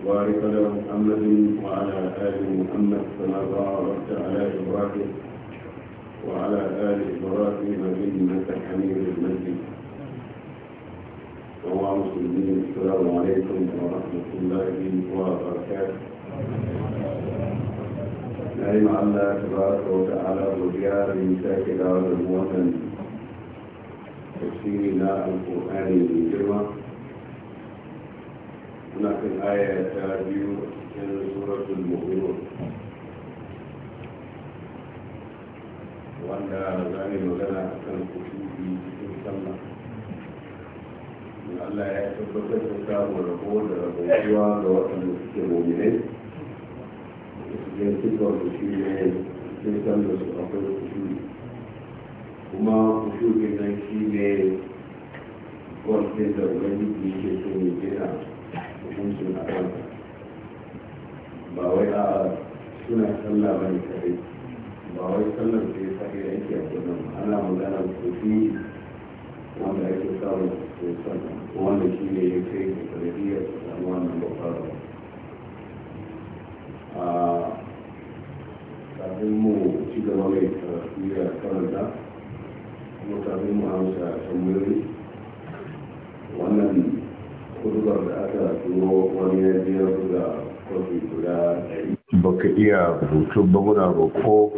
وبارك على محمد وعلى آل محمد كما باركت على إبراهيم وعلى آل إبراهيم إنك حميد مجيد ومع المسلمين السلام عليكم ورحمة الله وبركاته نعم الله تبارك وتعالى وزيارة من ساكن على تفسيرنا القرآن الكريم muna kan aya ta biyu cikin suratul mu'minun wanda za mu magana a kan kusurbi cikin sallah Allah ya tabbatar da samun rabo da rabuwa ga waɗanda suke mominai cikin cikin kushi ne cikin sallah su akwai kushuri kuma kushuri nan shi ne kwanfin da wani yake so ne gina hukuncin a kan ba wai a suna sallah ba ne kadai ba wai sallar da ya sake aiki a kullum ana magana kofi wanda ake samun sosan wanda shi ne ya kai da sanadiyar samu wannan bakwaro a kafin mu ci gaba mai tafiya karanta kuma kafin mu amsa tambayoyi wannan kudubar da aka baka iya rubutu ba muna roko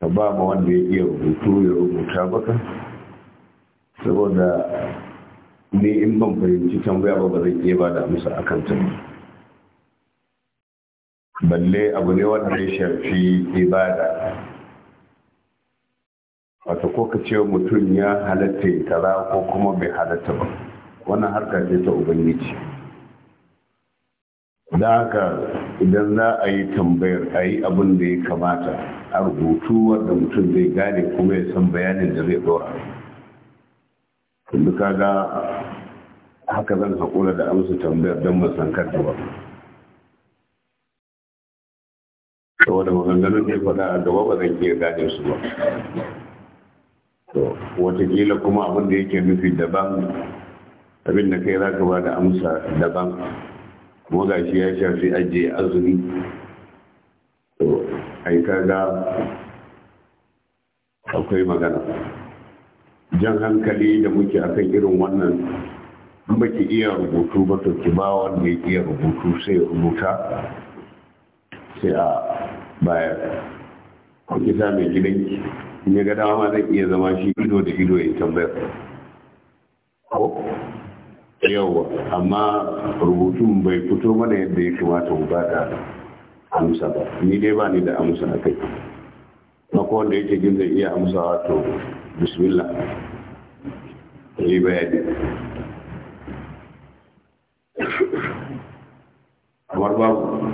ka ba ma wanda ya iya rubutu ya rubuta baka saboda ni in ban fahimci tambaya ba ba zan iya ba da amsa akan ta balle abu ne wanda ya shafi ibada wata ko ka ce mutum ya halatta tara ko kuma bai halatta ba wannan harka ce ta ubangiji da haka idan za a yi tambayar a yi abin da ya kamata a rubutu wanda mutum zai gane kuma ya san bayanin da zai dora tunda ga haka zan haƙura da amsa tambayar don masan karta ba saboda maganganun da ya faɗa a gaba ba zan iya gane su ba watakila kuma abin da yake nufi daban abin da kai za ka ba da amsa daban kuma ga shi ya shafi ajiye azumi to ai kaga akwai magana jan hankali da muke akan irin wannan in ba iya rubutu ba to ki ba wanda ya iya rubutu sai rubuta sai a bayar kisa mai gidan gidanki in ya ga dama zai iya zama shi ido da ido ya tambayar yawa amma rubutun bai fito mana yadda ya kamata mu bada amsa ba ni dai ba ni da amsa a kai mako wanda yake jin zai iya amsawa to bismillah yi bayani kamar babu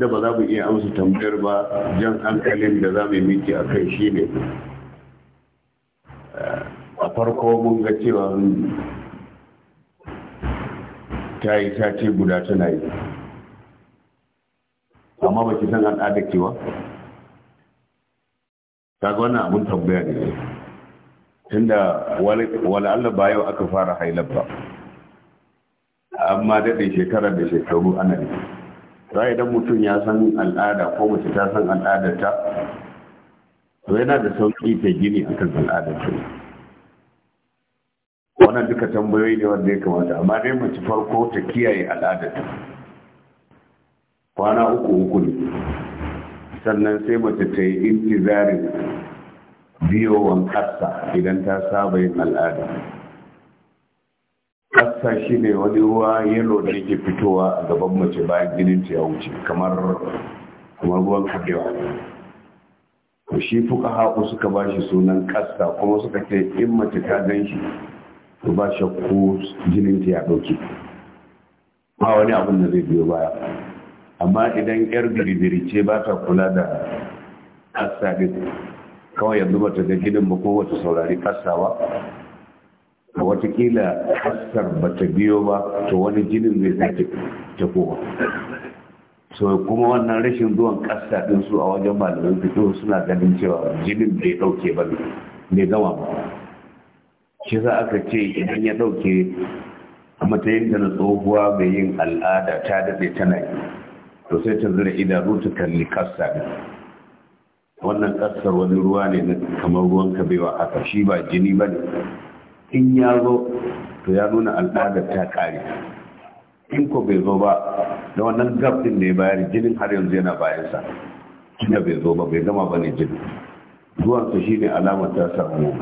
da ba za mu iya amsa tambayar ba jan hankalin da za mu yi miki a kai shi ne farko mun ga cewa ta yi ta ce guda tana yi amma ba ki san al'ada kewa ta ga wannan abin tambaya ne tunda wala Allah ba yau aka fara hailar ba amma daɗe shekara da shekaru ana ne ta idan mutum ya san al'ada ko mace ta san al'adarta to yana da sauƙi ta gini akan al'adarta wannan duka tambayoyi ne wanda ya kamata amma dai mace farko ta kiyaye al'adarta kwana uku uku ne sannan sai mace ta yi intizarin wan kassa idan ta saba yin al'ada kassa shine wani ruwa yalo da yake fitowa a gaban mace bayan jinin ta ya wuce kamar kamar ruwan kabewa shi fuka haku suka ba shi sunan kassa kuma suka ce in mace ta gan shi to ba shakku jininta ya ɗauke ba wani abin da zai biyo baya amma idan yar biribiri ce ba ta kula da ƙasa ɗin kawai yanzu ba ta ga gidan ba ko wata saurari ƙasa ba a watakila ƙasar ba ta biyo ba to wani jinin zai sake ta kowa so kuma wannan rashin zuwan ƙasa ɗin su a wajen malamin fito suna ganin cewa jinin bai ɗauke ba ne gama ba shi za aka ce idan ya ɗauke a matayin da na tsohuwa mai yin al'ada ta daɗe tana yi to sai ta zira idanu ta kalli kasa ne wannan kasar wani ruwa ne kamar ruwan kabewa a shi ba jini ba ne in ya zo to ya nuna al'adar ta ƙare in ko bai zo ba da wannan gab din da ya bayar jinin har yanzu yana bayansa tunda bai zo ba bai gama ba ne jini zuwansa shi ne alamar ta samu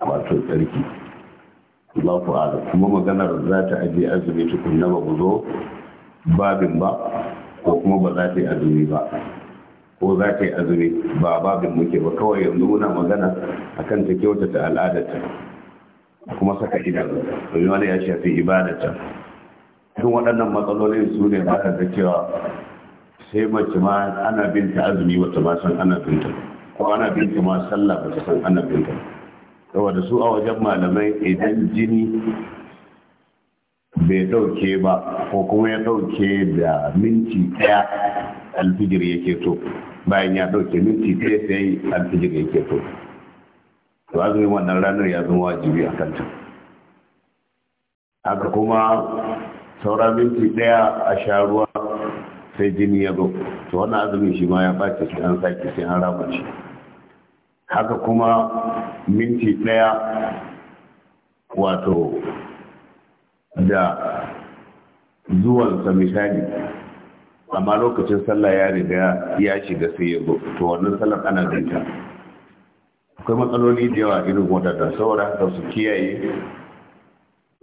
wato tsarki Allahu a'lam kuma maganar za ta ajiye azumi tukunna ba ku zo babin ba ko kuma ba za ta yi azumi ba ko za ta yi azumi ba babin muke ba kawai yanzu muna magana a kan ta kyautata al'adarta kuma saka idan domin wani ya shafi ibadarta duk waɗannan matsalolin su ne ba da cewa sai mace ma ana binta azumi wata ma san ana binta ko ana binta ma sallah ba ta san ana binta saboda su a wajen malamai idan jini bai dauke ba ko kuma ya dauke da minti daya alfijir yake to bayan ya dauke minti daya sai alfijir yake to to azumin wannan ranar ya zama wajibi a kanta haka kuma saura minti daya a sha ruwa sai jini ya zo to wannan azumin shi ma ya bace sai an sake sai an rama haka kuma minti ɗaya wato da zuwansa misali amma lokacin sallah ya riga ya shiga sai ya zo to wannan sallar ana zinta akwai matsaloli da yawa irin wadanda saboda haka su kiyaye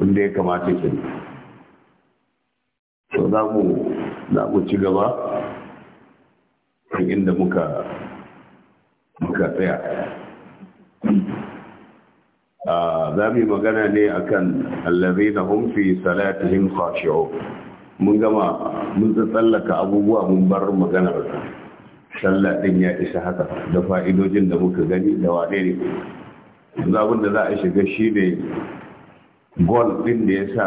inda ya kamata ke to za mu ci gaba inda muka muka tsaya za mu yi magana ne akan allazina hum fi salatihim khashi'un mun gama mun tsallaka abubuwa mun bar magana sallah din ya isa haka da fa'idojin da muka gani da wane ne da za a shiga shi ne gol din da ya sa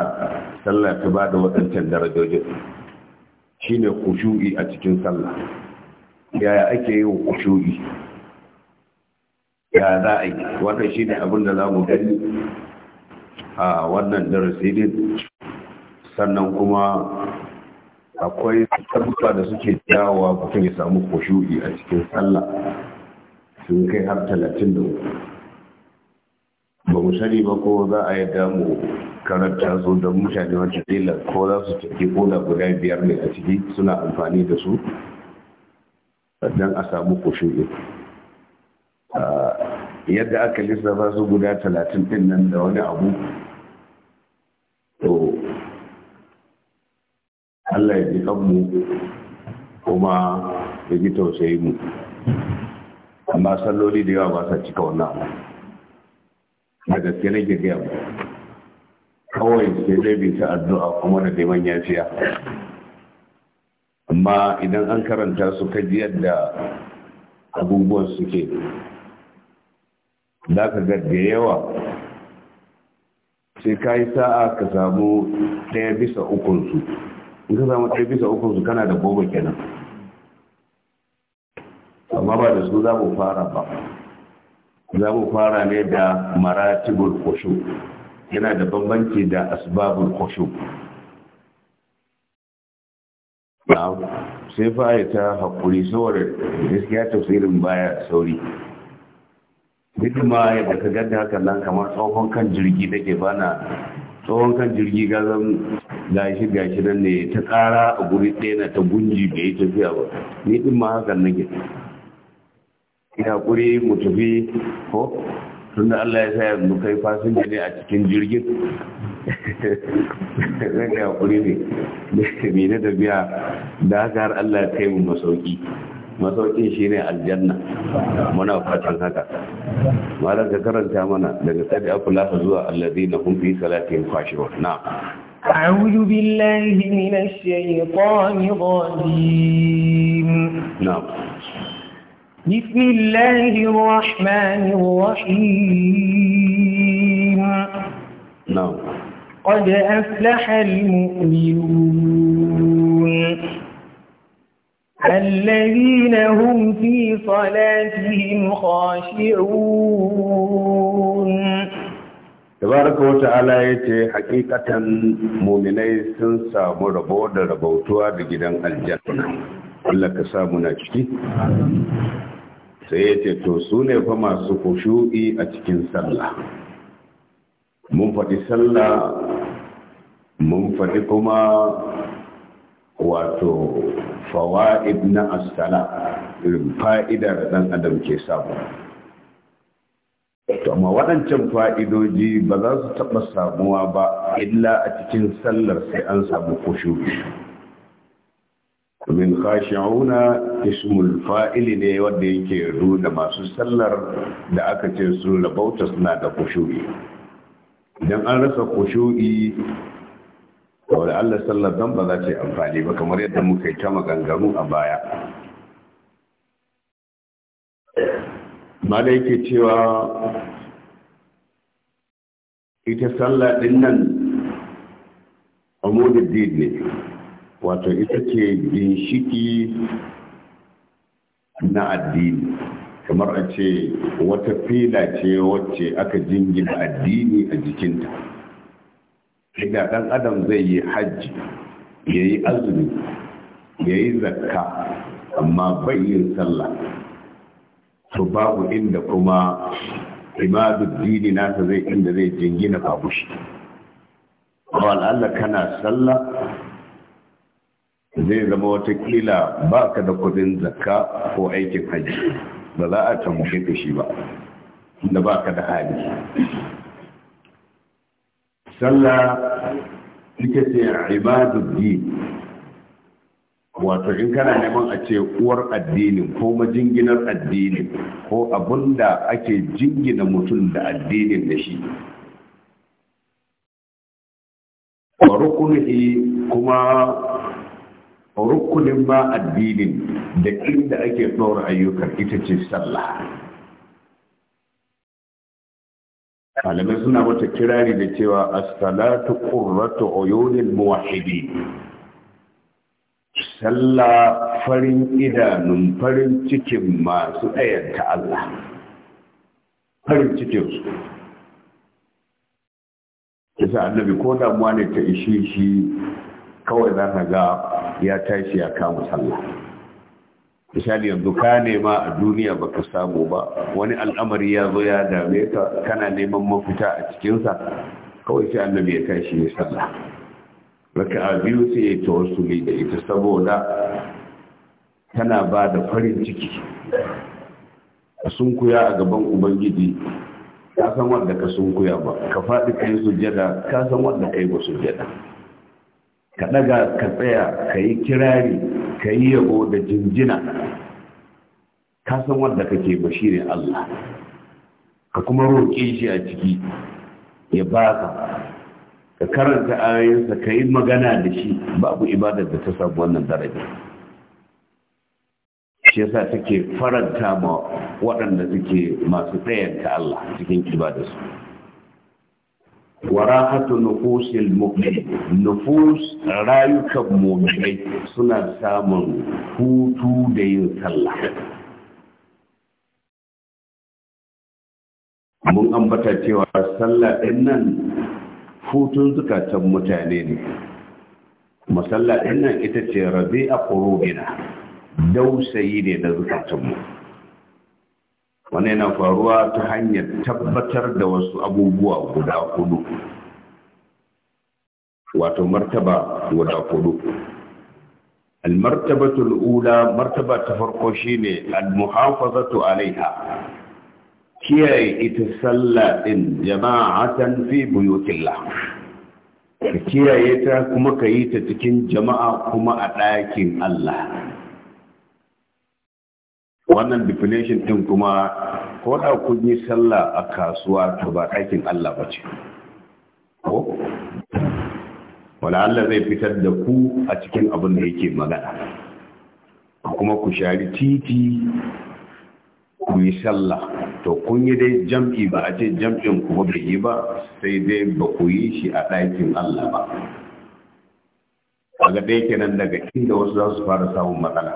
sallah ta ba da waɗancan darajojin shi ne kushu'i a cikin sallah yaya ake yin kushu'i ya za a yi wata shi ne abin da za mu gani a wannan darasi din sannan kuma akwai tabbuka da suke jawowa mutum ya samu kushu'i a cikin sallah sun kai har talatin da ba mu sani ba ko za a yi damu karanta su don mutane wancan dila ko za su tafi ko guda biyar ne a ciki suna amfani da su don a samu kushu'i Ah, yadda aka lissafa su guda talatin din nan da wani abu to Allah ya ji kanmu kuma ya ji tausayi mu amma salloli da yawa ba sa cika wannan abu da gaske nake gaya mu kawai sai dai ta addu'a kuma da neman yafiya amma idan an karanta su kaji yadda abubuwan suke za ka ga da yawa sai ka yi sa'a ka samu ɗaya bisa ukunsu in ka samu ɗaya bisa ukunsu kana da goma kenan amma ba da su za mu fara ba za mu fara ne da maratibul kushu yana da bambanci da asbabul kushu sai fa ta haƙuri saboda gaskiya tafsirin baya sauri hidima yadda ka ganta haka nan kamar tsohon kan jirgi da ke bana tsohon kan jirgi gazan gashi gashi nan ne ta kara a guri ɗaya na ta gunji bai yi tafiya ba ni din ma hakan ke ina kuri mu tafi ko tunda Allah ya sa yanzu kai fasinja ne a cikin jirgin zai ga kuri ne da tafiya da haka har Allah ya kai mu masauki masaukin shi ne aljanna muna fatan haka malar da karanta mana daga tsadi akula zuwa allazi na kun fi salatin kwashewa na أعوذ بالله من الشيطان الرجيم نعم بسم الله الرحمن الرحيم نعم قد أفلح المؤمنون الذين هم في صلاتهم خاشعون tabaraka wa ta'ala ya ce muminai sun samu rabo da rabautuwa da gidan aljanna Allah ka samu na ciki sai ya ce to su ne fa masu kushu'i a cikin sallah mun faɗi sallah mun faɗi kuma wato fawa'id na asala fa'idar dan adam ke samu to amma waɗancan fa'idoji ba za su taɓa samuwa ba illa a cikin sallar sai an samu kushu min khashi'una ismul fa'ili ne wanda yake nuna masu sallar da aka ce sun labauta suna da kushu'i idan an rasa kushu'i wadda Allah sallar don ba za ta yi amfani ba kamar yadda muka yi ta maganganu a baya ma yake cewa ita sallah ɗin nan amudin did ne wato ita ce ginshiki na addini kamar a ce wata fila ce wacce aka jingina addini a jikinta ga dan adam zai yi hajji ya yi azumi ya yi zakka amma bai yin sallah to babu inda kuma imaduddini nasa zai inda zai jingina babu shi Allah kana sallah zai zama watakila ba ka da kudin zakka ko aikin hajji ba za a tambaye ka shi ba da ba ka da hali sallah ita ce ibadudin, wato in kana neman a ce uwar addinin ko majinginar addinin ko abunda ake jingina mutum da addinin da shi rukuni kuma rukunin ma addinin da inda ake ɗora ayyukan ita ce sallah malamai suna mata kirari da cewa as-salatu qurratu uyunil muwahhidin sallah farin idanun farin cikin masu ɗayanta Allah farin cikin su kisa annabi ko damuwa ne ta ishe shi kawai za ka ga ya tashi ya kama sallah misali yanzu ka nema a duniya baka samu ba wani al'amari ya zo ya dame ka kana neman mafita a cikinsa kawai sai annabi ya kashi ya sallah a biyu sai ya tawassuli da ita saboda tana ba da farin ciki a sunkuya a gaban ubangiji ka san wanda ka sunkuya ba ka faɗi kai sujjada ka san wanda yi ba sujjada ka ɗaga ka tsaya ka yi kirari ka yi yabo da jinjina ka san wanda kake ba Allah ka kuma roƙe shi a ciki ya ba ka ka karanta ayoyinsa ka yi magana da shi babu ibadar da ta samu wannan daraja shi yasa take faranta ma waɗanda suke masu tsayanta Allah cikin ibadarsu warahatu nufusil mu'min nufus rayukan mu'minai suna samun hutu da yin sallah mun ambata cewa sallah din nan hutun zukatan mutane ne masalla din nan ita ce rabi'a qulubina dausayi ne na zukatanmu mu wannan yana faruwa ta hanyar tabbatar da wasu abubuwa guda hudu wato martaba guda hudu almartabatul ula martaba ta farko shine almuhafazatu alaiha kiyaye ita sallah din jama'atan fi buyutillah ka kiyaye ta kuma ka yi ta cikin jama'a kuma a ɗakin Allah wannan definition din kuma ko da kun yi sallah a kasuwa to ba aikin Allah ba ce ko wala Allah zai fitar da ku a cikin abin da yake magana kuma ku shari titi ku yi sallah to kun yi dai jam'i ba a ce jam'in ku ba yi ba sai dai ba ku yi shi a ɗakin Allah ba a ga ɗaya kenan daga inda wasu za su fara samun matsala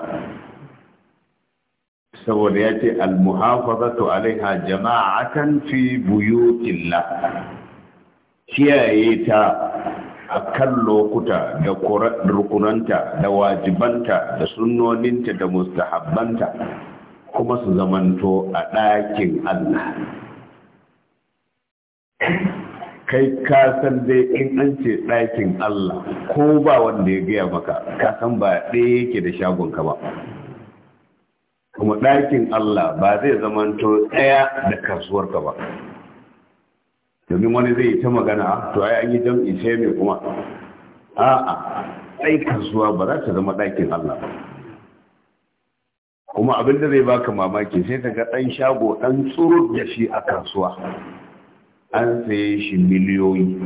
saboda ya ce almuhafazatu alaiha jama'atan fi buyutillah kiyaye ta a kan lokuta da rukunanta da wajibanta da sunnoninta da mustahabbanta kuma su zamanto a ɗakin Allah kai ka san dai in an ce ɗakin Allah ko ba wanda ya gaya maka ka san ba ɗaya yake da shagonka ba kuma ɗakin Allah ba zai zamanto ɗaya da kasuwarka ba domin wani zai yi ta magana to ai an yi jam'i sai mai kuma a'a ai kasuwa ba za ta zama ɗakin Allah ba kuma abin da zai baka mamaki sai ta ga ɗan shago ɗan tsuru da shi a kasuwa an saye shi miliyoyi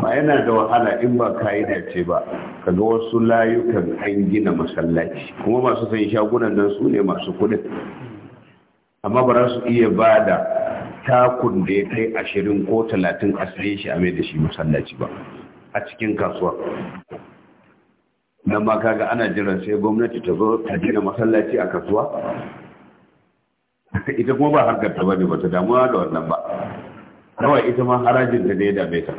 ba yana da wahala in ba ka'ida ce ba kaga wasu layukan an gina masallaci kuma masu san shagunan nan su ne masu kudin amma ba za su iya ba da takun da ya kai ashirin ko talatin a shi a mai da shi masallaci ba a cikin kasuwa nan ba kaga ana jiran sai gwamnati ta zo ta gina masallaci a kasuwa ita kuma ba harkar ta bane ba ta damuwa da wannan ba kawai ita ma harajin ta ne da mai ta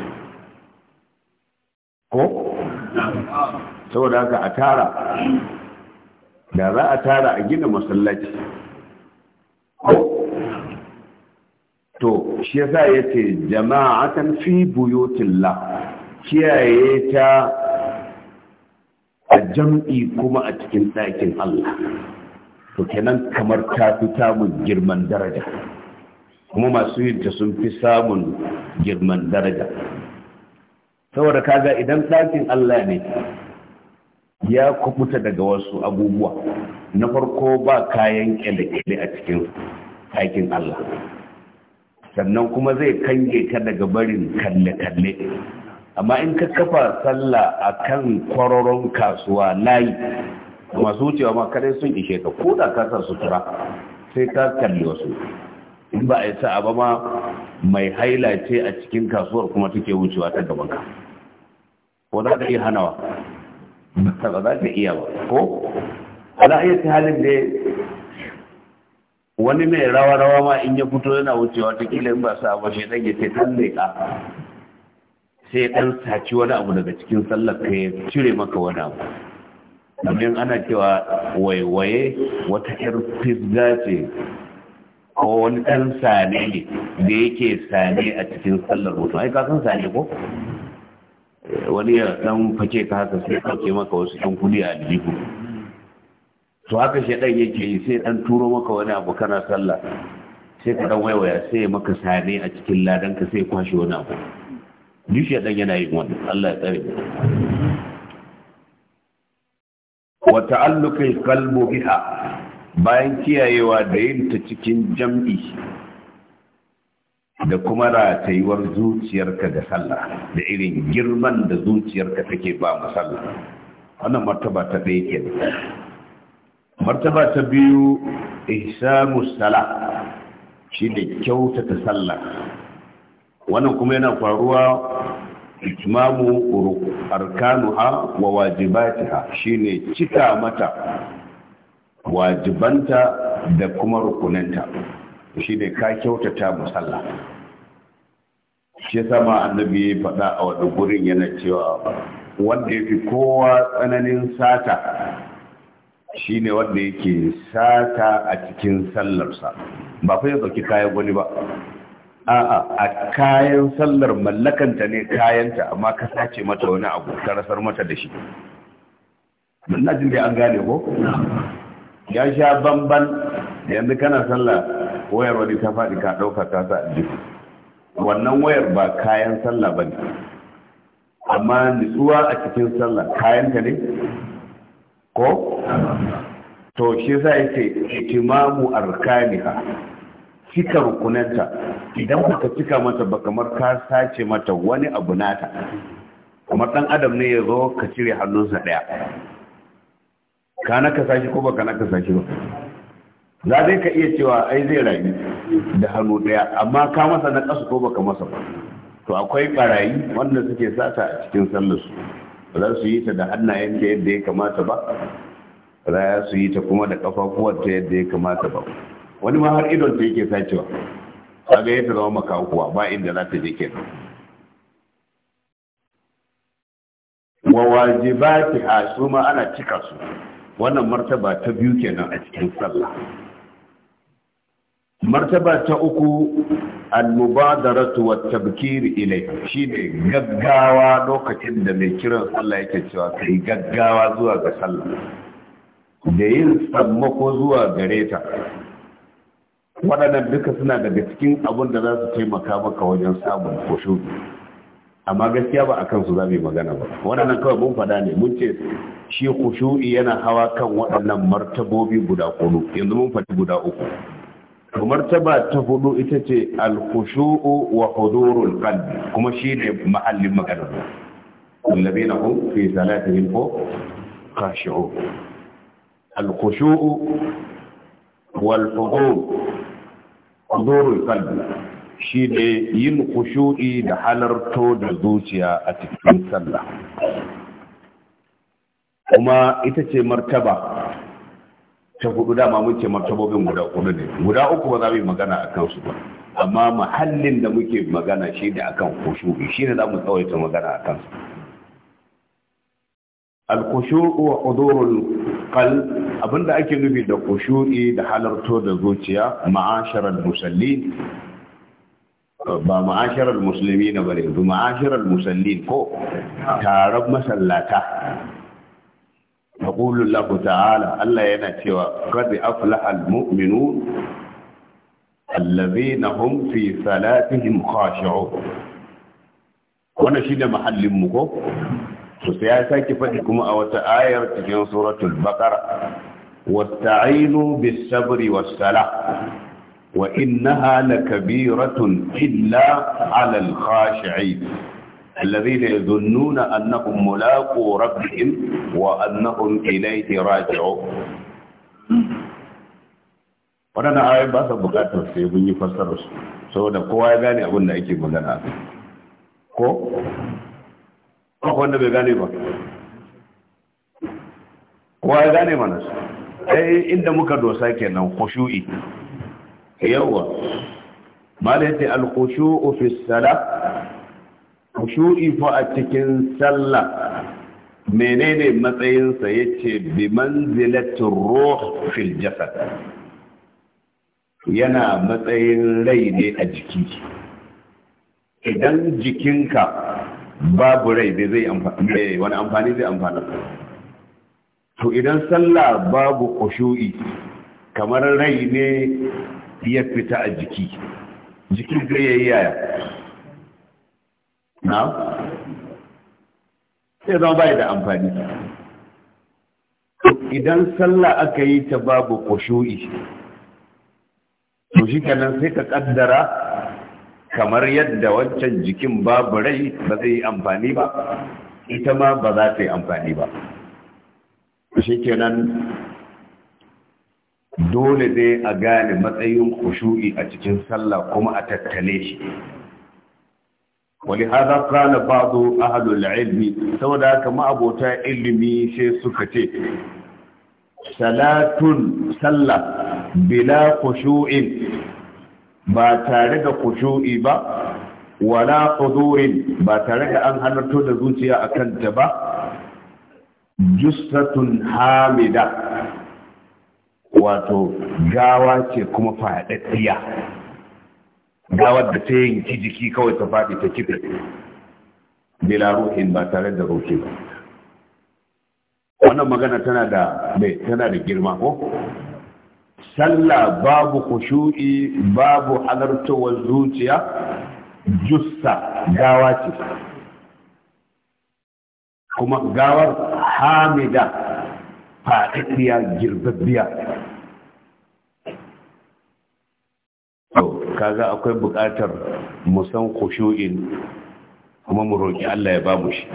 ko saboda haka a tara da za a tara a gina masallaci ko to shi yasa yace jama'atan fi buyutillah kiyaye ta a jam'i kuma a cikin ɗakin Allah to kenan kamar ta fi samun girman daraja kuma masu yin ta sun fi samun girman daraja saboda kaga idan ɗakin Allah ne ya kubuta daga wasu abubuwa na farko ba kayan kyale-kyale a cikin ɗakin Allah sannan kuma zai kange ka daga barin kalle-kalle amma in ka kafa sallah a kan kwaroron kasuwa layi masu wucewa ma kadai sun ishe ka kuda kasa kasar sutura sai ka kalli wasu in ba a yi sa'a ba ma mai haila ce a cikin kasuwar kuma take wucewa ta gaban ka ko za ka iya hanawa ba za ka iya ba ko a iya ta halin da wani mai rawa-rawa ma in ya fito yana wucewa ta kila in ba sa ba shi dan ce tan ka sai dan saci wani abu daga cikin sallar ka ya cire maka wani abu domin ana cewa waiwaye wata yar fizga ce ko wani ɗan sane ne da yake sane a cikin sallar hutu ai san sane ko wani ya ɗan fake ka haka sai ɗauke maka wasu ɗan kuɗi a aljihu to haka shi ɗan yake yi sai ɗan turo maka wani abu kana sallah sai ka ɗan waiwaya sai maka sane a cikin ladan ka sai kwashe wani abu duk shi ɗan yana yin wannan Allah ya tsare wa ta'alluqi qalbu biha bayan kiyayewa da yin ta cikin jam'i da kuma ratayuwar zuciyarka da sallah da irin girman da zuciyarka take ba mu sallah wannan martaba ta ɗaya ke martaba ta biyu ihsanu sala shi ne kyautata sallah wannan kuma yana faruwa arkanu arkanuha wa wajibatiha shine cika mata wajibanta da kuma rukuninta, shi ne ka kyautata musalla shi sama annabi ya faɗa a wani gurin yana cewa wanda ya fi kowa tsananin sata shi ne wanda yake sata a cikin sallarsa ba fa ya ɗauki kayan wani ba a'a a kayan sallar mallakanta ne kayanta amma ka sace mata wani abu ka rasar mata da shi na jin da an gane ko ya sha bamban yanzu kana sallah wayar wani ta faɗi ka ɗauka ta sa wannan wayar ba kayan sallah ba ne amma nutsuwa a cikin sallah kayan ta ne ko to shi za ya ce itimamu arkaniha cika rukunanta idan baka cika mata ba kamar ka sace mata wani abu nata kamar ɗan adam ne ya zo ka cire hannunsa ɗaya ka kasa shi ko ba ka kasa shi ba za zai ka iya cewa ai zai rayu da hannu ɗaya amma ka masa na ƙasa ko baka masa ba to akwai barayi wanda suke sata a cikin sallarsu ba za su yi ta da hannayen ta yadda ya kamata ba ba za su yi ta kuma da ƙafafuwar ta yadda ya kamata ba wani ma har idon ta yake sacewa ka ga ta zama makakuwa ba inda za ta je kenan wa wajibati ha su ma ana cika su wannan martaba ta biyu kenan a cikin sallah martaba ta uku al-mubadaratu wa tabkir ilai shine gaggawa lokacin da mai kiran sallah yake cewa kai gaggawa zuwa ga sallah da yin sammako zuwa gare ta waɗannan duka suna daga cikin abin da za su taimaka maka wajen samun kushu amma gaskiya ba a kansu za mu yi magana ba waɗannan kawai mun faɗa ne mun ce shi khushu'i yana hawa kan waɗannan martabobi guda hudu yanzu mun faɗi guda uku to martaba ta hudu ita ce al-khushu'u wa hudurul qalbi kuma shi ne mahallin maganar allazina hum fi salatihim khashi'un al-khushu'u wal hudur hudurul qalbi shi ne yin kushuɗi da halarto da zuciya a cikin sallah kuma ita ce martaba ta hudu dama muke martabobin guda uku ne guda uku ba za mu yi magana a kansu ba amma muhallin da muke magana shi da akan kushu'i shi ne za mu tsawaita magana a kansu alkushu'u wa udurul qal abinda ake nufi da kushuɗi da halarto da zuciya ma'asharal musallin ba ma'asharar musulmi na bare ba ma'asharar musallin ko taron masallata faƙulun lafi ta'ala Allah yana cewa ƙarfi aflahal mu'minu allazi na humfi salatihim kwashe'o wannan shi da mahallinmu ko su ya sake faɗi kuma a wata ayar cikin suratul baƙar wasta'inu bis sabri was sala wa hala Kabiratun illa ala al-khashi'in الذين يظنون أنهم ملاقو ربهم وأنهم إليه راجعون waɗannan ayoyin ba sa buƙatar sai mun yi fassarar su saboda kowa ya gane abin da ake magana ko wanda bai gane ba kowa ya gane mana sai eh, inda muka dosa kenan khushu'i yawa malaiti Alkushu fi sala kushu'i fa a cikin sallah menene matsayinsa yace bi manzilatin ruh fil jasad yana matsayin rai ne a jiki idan jikinka babu rai da zai amfani wani amfani zai amfana to idan sallah babu kushu'i kamar rai ne ya fita a jiki jikin ga yi yaya na sai zama bai da amfani idan sallah aka yi ta babu kwashoi to shi kenan sai ka kaddara kamar yadda wancan jikin babu rai ba zai yi amfani ba ita ma ba za ta yi amfani ba shi kenan dole dai a gane matsayin kushu'i a cikin sallah kuma a tattale shi wani hada kana bazo ahalul ilmi saboda haka ma'abota ilimi sai suka ce salatun sallah bila kushu'in ba tare da kushu'i ba wala kuzurin ba tare da an halarto da zuciya a kanta ba jussatun hamida wato gawa ce kuma faɗaɗɗiya gawar da ta yanki jiki kawai ta faɗi ta kife bila ruhin ba tare da roke ba wannan magana tana da mai tana da girma ko sallah babu kushu'i babu halartowar zuciya jussa gawa ce kuma gawar hamida faɗaɗɗiya girbabbiya kaga akwai buƙatar musan kushu'in kuma mu roƙi Allah ya ba mu shi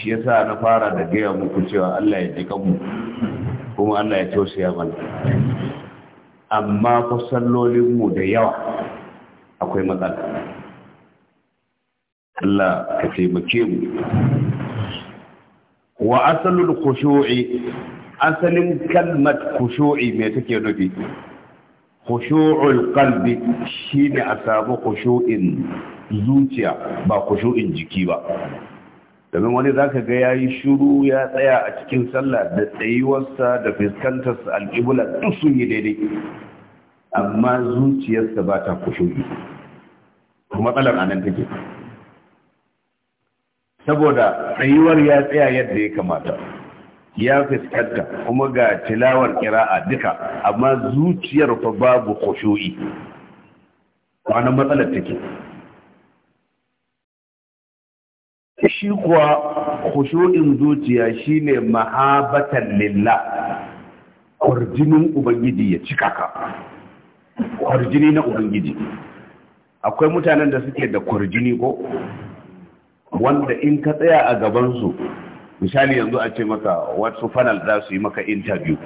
shi yasa na fara da gaya muku cewa Allah ya jikan mu kuma Allah ya tausaya mana amma kusan sallolin mu da yawa akwai matsala Allah ka taimake mu wa asalul khushu'i asalin kalmat khushu'i me take nufi khushu'ul qalbi shine a samu khushu'in zuciya ba khushu'in jiki ba domin wani zaka ga ya yi shiru ya tsaya a cikin sallah da tsayuwarsa da fuskantar al'ibula duk sun yi daidai amma zuciyarsa ba ta khushu'i matsalar anan take saboda tsayuwar ya tsaya yadda ya kamata ya fuskanta kuma ga tilawar kira'a duka amma zuciyar fa babu khushu'i wannan matsalar take shi kuwa khushu'in zuciya shine mahabatan lillah kwarjinin ubangiji ya cika ka kwarjini na ubangiji akwai mutanen da suke da kwarjini ko wanda in ka tsaya a gabansu misali yanzu a ce maka wasu fanal za su yi maka interview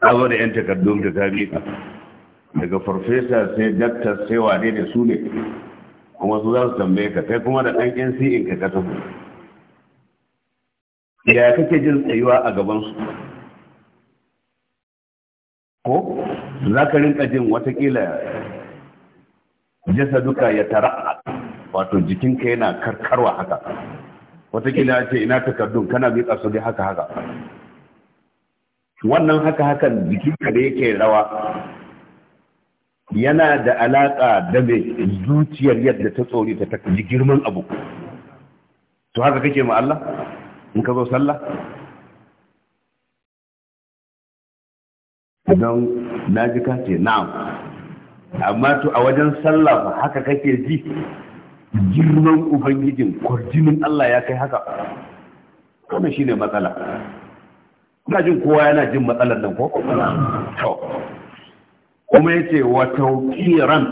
ka zo da 'yan takardun da ta miƙa daga farfesa sai daktar sai wane da su ne kuma su za su tambaye ka kai kuma da ɗan nca ka ka su ya kake jin tsayuwa a gabansu ko za ka rinka jin watakila jasa duka ya tara wato jikinka yana karkarwa haka watakila ce ina takardun kana miƙa su dai haka haka wannan haka hakan jikinka da yake rawa yana da alaƙa da mai zuciyar yadda ta tsori ta ji girman abu to haka kake ma Allah in ka zo sallah don na ji ka ce na'am amma to a wajen sallah haka kake ji girman ubangijin kwarjinin Allah ya kai haka wannan ne matsala ina jin kowa yana jin matsalar nan ko to kuma ya ce wa tawqiran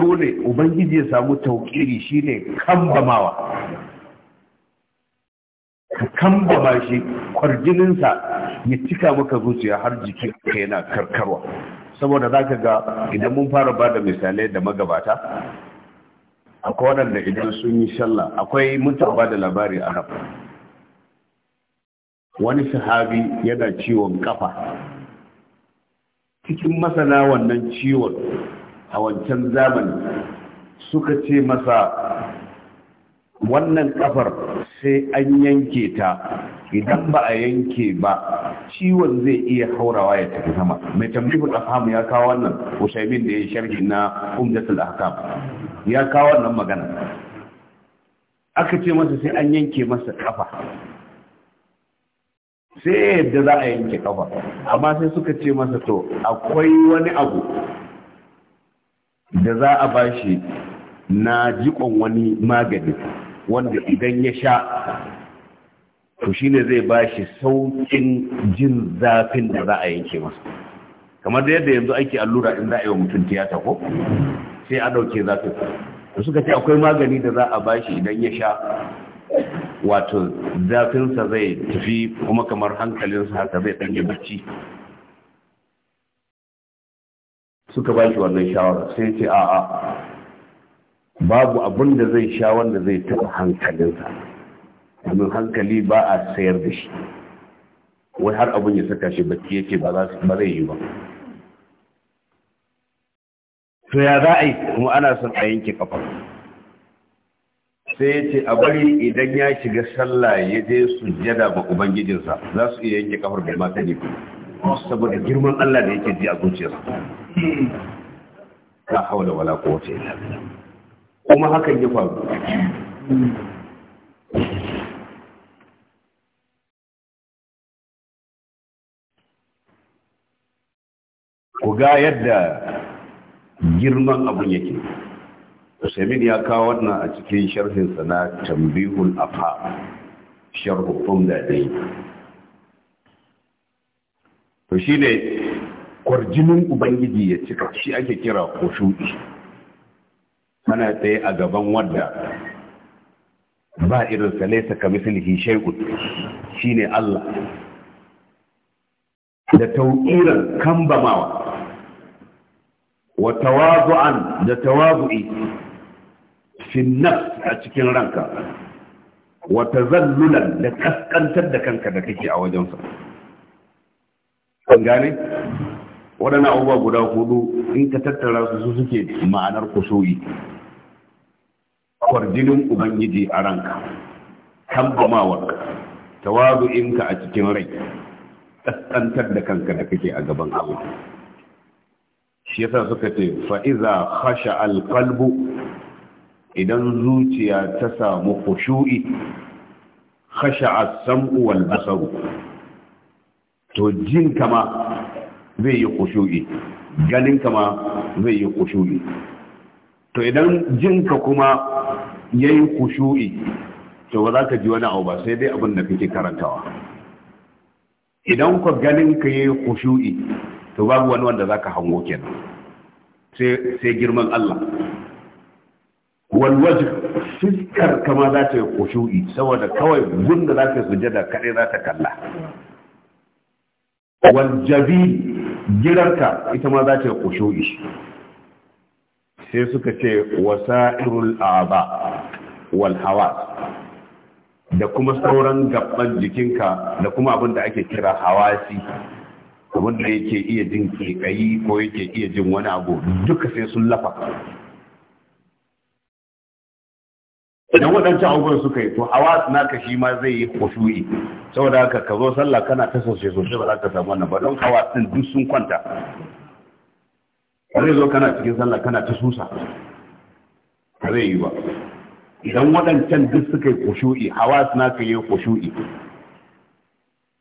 dole ubangiji ya samu tawqiri shine kambamawa ka kambama shi kwarjininsa ya cika maka zuciya har jiki ka yana karkarwa saboda za ka ga idan mun fara ba da misalai da magabata akwai waɗanda idan sun yi shalla akwai mutum ba da labari a rafa wani sahabi yana ciwon kafa cikin masana wannan ciwon a wancan zamani suka ce masa wannan kafar sai an yanke ta idan ba a yanke ba ciwon zai iya haurawa ya tafi sama mai tambihul afham ya kawo wannan usaimin da ya sharhi na umjatul ahkam ya kawo wannan magana aka ce masa sai an yanke masa kafa sai yadda za a yanke kafa amma sai suka ce masa to akwai wani abu da za a bashi na jikon wani magani wanda idan ya sha to shi ne zai ba shi saukin jin zafin da za a yanke masa kamar da yadda yanzu ake allura in za a yi wa mutum tiyata ko sai a ɗauke zafin da suka ce akwai magani da za a ba shi idan ya sha wato zafinsa zai tafi kuma kamar hankalinsa haka zai ɗanye bacci suka ba shi wannan shawara sai ce a'a babu abin da zai sha wanda zai taɓa hankalinsa domin hankali ba a sayar da shi wai har abin ya saka shi bacci yake ba zai yi ba to ya za a yi kuma ana son a yanke kafa sai ya ce a bari idan ya shiga sallah ya je jada ba ubangijinsa za su iya yanke kafar bai mata ne saboda girman Allah da yake ji a zuciyarsa la haula wala quwwata illa kuma hakan ya faru ku ga yadda girman abun yake usaimin ya kawo wannan a cikin sharhinsa na tambihul afa sharhu da dai to shi ne kwarjinin ubangiji ya cika shi ake kira kushuɗi mana tsaye a gaban wanda ba irin sa ka mislihi shay'un ne Allah da tau'iran kambamawa wa tawazu'an da tawazu'i fi nafs a cikin ranka wa tazallulan da kaskantar da kanka da kake a wajensa an gane waɗannan abubuwa guda hudu in ka tattara su su suke ma'anar kusoyi kwarjinin ubangiji a ranka kambamawarka tawazu'inka a cikin rai kaskantar da kanka da kake a gaban abin shi yasa suka ce fa'iza khasha alqalbu idan zuciya ta samu khushu'i khasha a samu wal basaru to jin kama zai yi khushu'i ganin kama zai yi khushu'i to idan jinka kuma yayi khushu'i to ba za ka ji wani abu ba sai dai abin da kake karantawa idan ku ganin ka yi kushu'i to babu wani wanda zaka hango kenan sai girman Allah walwaj fiskar kama za ta yi kushu'i saboda kawai gun da za ta suje sujada kare za ta kalla waljabi girarka ita ma za ta yi kushu'i sai suka ce wasa'irul a'ba wal hawas da kuma sauran gaban jikinka da kuma abin da ake kira hawasi abin da yake iya jin kekayi ko yake iya jin wani abu duka sai sun lafa idan waɗancan abubuwan suka yi to hawa naka shi ma zai yi kusuri saboda haka ka zo sallah kana ta sosai sosai ba za ka samu wannan ba don hawa din duk sun kwanta zai zo kana cikin sallah kana ta susa ba zai yi ba idan waɗancan duk suka yi kushu'i suna ka yi kushu'i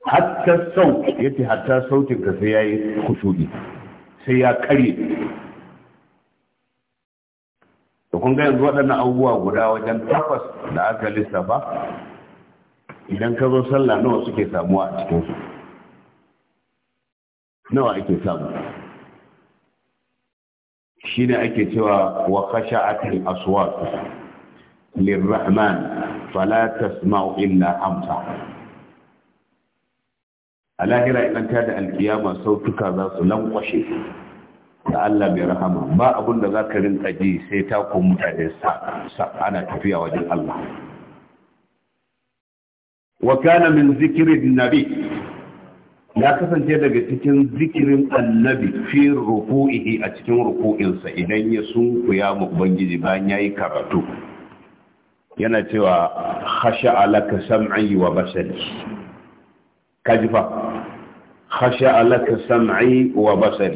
hatta sau ya ce hatta sautin ka sai ya yi kushu'i sai ya karye da kun ga yanzu waɗannan abubuwa guda wajen takwas da aka ba. idan ka zo sallah nawa suke samuwa a cikinsu nawa ake samu shi ne ake cewa wa kasha akan aswatu للرحمن فلا تسمع إلا أمسا alahira idan ta da alkiyama sautuka za su lankwashe da Allah mai rahama ba abin da za ka rinka ji sai ta ko mutane ana tafiya wajen Allah wa kana zikirin nabi ya kasance daga cikin zikirin annabi fi ruku'ihi a cikin ruku'insa idan ya sunkuya mu ubangiji bayan yayi karatu yana cewa hasha alaka sam'i wa basari fa hasha alaka sam'i wa basari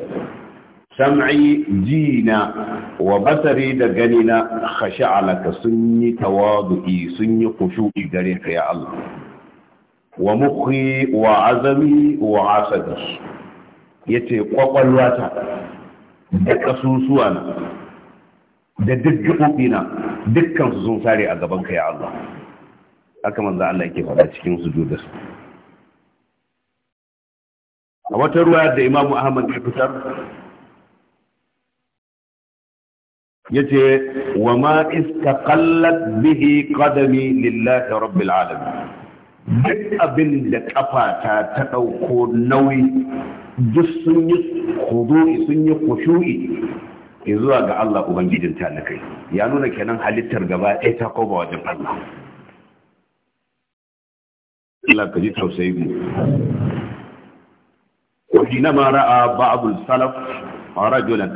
sam'i jina wa basari da ganina hasha alaka sun yi tawadu'i sun yi khushu'i gare ka ya Allah wa mukhi wa azami wa asadi yace kwakwalwata da kasusuwa na da duk gaɓoɓi na sun sare a gaban ka ya Allah haka manzo Allah yake faɗa cikin sujuda a wata ruwa da Imam Ahmad ya fitar yace wa ma istaqallat bihi qadami lillahi rabbil alamin duk abin da kafata ta dauko nauyi duk sun yi khudu'i sun yi khushu'i zuwa ga Allah ubangijin talakai ya nuna kenan halittar gaba ɗaya ta koma wajen Allah Allah ka ji tausayi mu Wani na ma ra'a ba'dul salaf a rajulan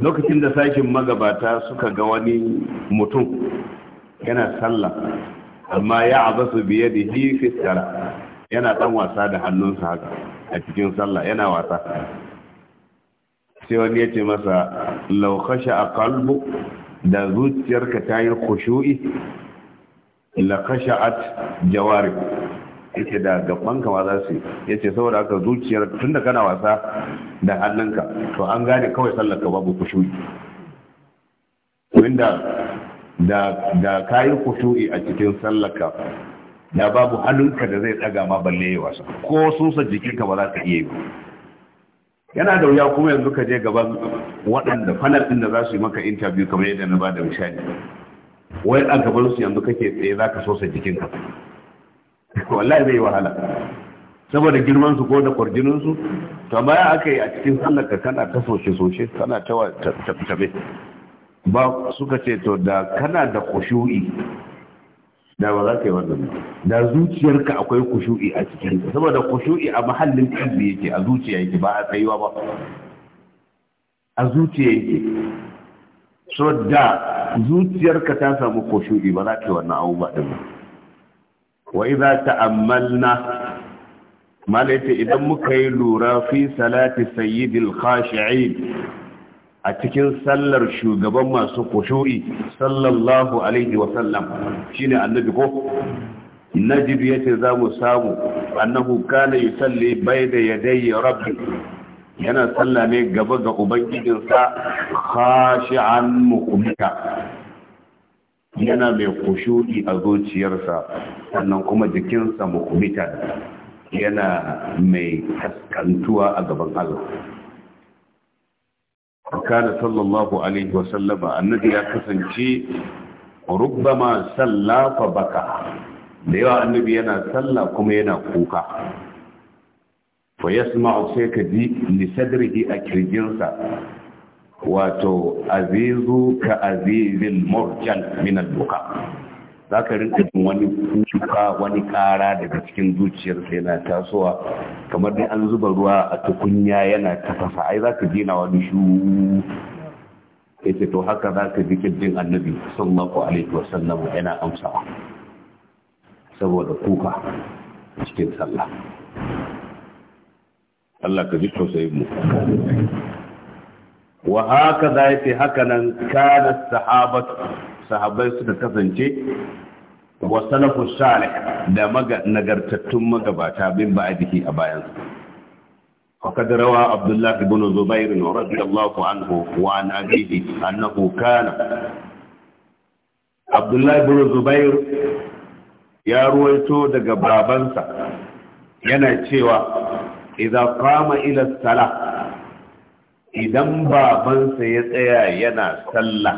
lokacin da sakin magabata suka ga wani mutum yana sallah amma ya abasu biye da hifis yana ɗan wasa da hannunsa haka a cikin sallah yana wasa sai wani ya ce masa laukasha a kalbu da zuciyarka ta yi kushu'i a jawari yake da gaban ma za su ya ce saboda aka zuciyar tunda kana wasa da hannunka to an gane kawai sallar ka babu kushu'i wanda da ka yi kushu'i a cikin sallar ka da babu hannunka da zai tsaga ma balle yi wasa ko susa jikinka ba za ka iya yi yana da wuya kuma yanzu ka je gaban waɗanda fanar ɗin da za su yi maka interview kamar yadda na ba da misali wai a gaban su yanzu kake tsaye za ka sosa jikinka wallahi zai wahala saboda girman su ko da kwarjinin su to baya aka yi a cikin sallar ka kana ta soce soce kana ta tabe ba suka ce to da kana da kushu'i da ba za ka yi wannan da zuciyarka akwai kushu'i a cikin ka. saboda kushu'i a mahallin kalbi yake a zuciya yake ba a tsayuwa ba a zuciya yake so da zuciyarka ta samu kushu'i ba za ka yi wannan ba din wa idza ta'ammalna malaita idan muka yi lura fi salati sayyidil khashi'in a cikin sallar shugaban masu kushuri sallallahu alaihi wasallam shi ne annabi ko najib yace ce za mu samu annahu kana yusalli salli bai da yadayya rabbi yana salla ne gaba ga ubangijinsa khashi'an muqbika yana mai kushuri a zuciyarsa sannan kuma jikinsa muqmita yana mai kaskantuwa a gaban Allah kana sallallahu alaihi wasallama annabi ya kasance rubbama sallafa baka da yawa annabi yana salla kuma yana kuka fa yasma'u sai ka ji li sadrihi a kirjinsa wato azizu ka azizil murjal min al-buka za ka rinka jin wani kuka wani kara daga cikin zuciyarsa yana tasowa kamar dai an zuba ruwa a tukunya yana tafasa ai za ka jina wani shu ya ce to haka za ka jikin jin annabi sallallahu alaihi sallam, yana amsawa saboda kuka cikin sallah Allah ka ji tausayin mu wa haka za ya ce haka nan kana sahabatu sahabbai suka kasance wa salafu salih da nagartattun magabata bin ba a jiki a bayansu وقد abdullahi ibn zubair بن زبير رضي الله عنه وعن أبيه أنه كان عبد ya ruwaito daga babansa yana cewa idan qama ila Salah, idan babansa ya tsaya yana sallah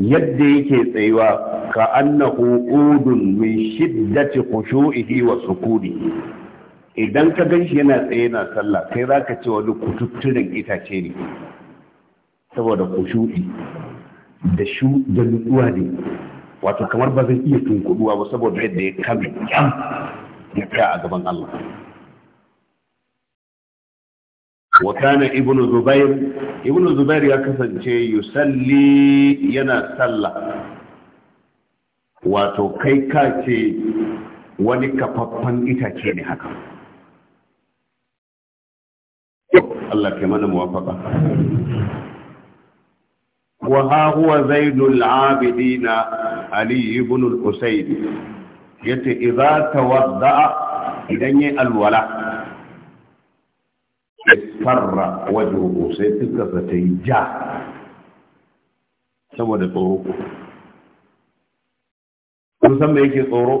yadda yake tsayuwa ka annahu udun min shiddati khushu'ihi wa sukuni idan ka ganshi yana tsaye na sallah kai zaka ce wani kututturen itace ne saboda khushu'i da shu da nutsuwa ne wato kamar ba zai iya tunkuduwa ba saboda yadda ya kame ya a gaban Allah wa kana ibn zubair ya kasance yusalli yana sallah wato kai ka ce wani kafaffan itace ne haka Allah ke mana muwafaka wa ha huwa zainul abidina ali ibn al-usayd yace idza tawadda idan yayi alwala farra hukun sai fuskarsa ta yi ja saboda tsoro kun san me yake tsoro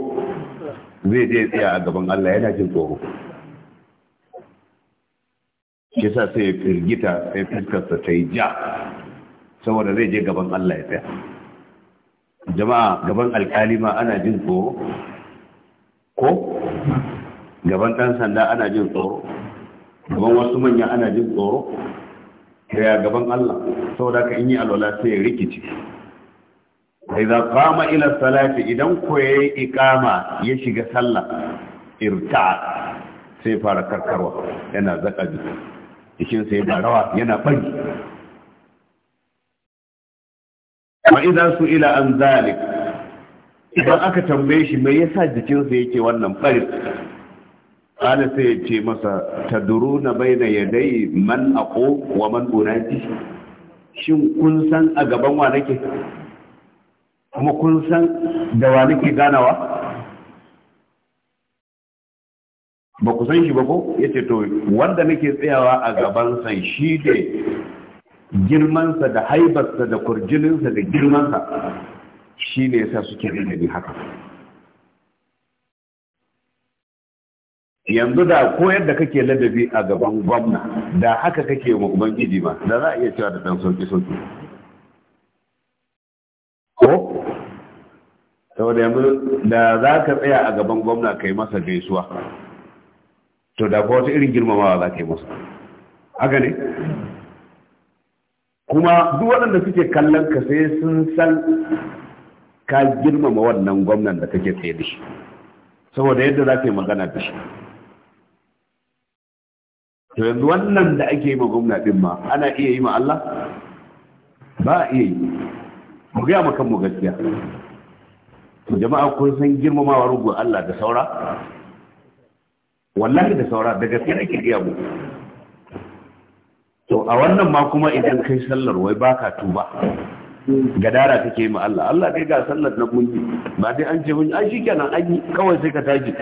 zai je tsaya a gaban Allah yana jin tsoro Kisa sa sai ya firgita sai fuskarsa ta yi ja saboda zai je gaban Allah ya tsaya jama'a gaban alkali ma ana jin tsoro ko gaban ɗan sanda ana jin tsoro gaban wasu manya ana jin tsoro ya gaban Allah saboda ka in yi alwala sai ya rikice idza qama ila salati idan ko yayi iqama ya shiga sallah irta sai fara karkarwa yana ji cikin sai barawa yana bari wa idza su'ila an zalik idan aka tambaye shi me yasa jikinsa yake wannan barin kala sai ya ce masa ta na baina dai man ko wa man unati shin kun san a gaban wa nake kuma kun san da wa nake ganawa ba ku san shi ba ko Ya ce to wanda nake tsayawa a gaban san shi ne girmansa da haibarsa da kurjininsa da girmansa shi ne sa suke da haka yanzu da koyar da kake ladabi a gaban gwamna da haka kake wa gidi ma da za a iya cewa da ɗan sauƙi sauƙi ko saboda yanzu da za ka tsaya a gaban gwamna ka yi masa gaisuwa to da kuwa wata irin girmamawa za ka yi masa haka ne kuma duk waɗanda suke kallon ka sai sun san ka girmama wannan gwamnan da kake tsaye da shi saboda yadda za ka yi magana da shi to yanzu wannan da ake yi ma gwamna din ma ana iya yi ma Allah ba a iya yi mu gaya maka mu gaskiya to jama'a kun san girmamawa rugu Allah da saura wallahi da saura da gaskiya ake gaya mu to a wannan ma kuma idan kai sallar wai baka tuba gadara kake ma Allah Allah kai ga sallar na mun ba dai an ce mun ai shikenan an yi kawai sai ka taji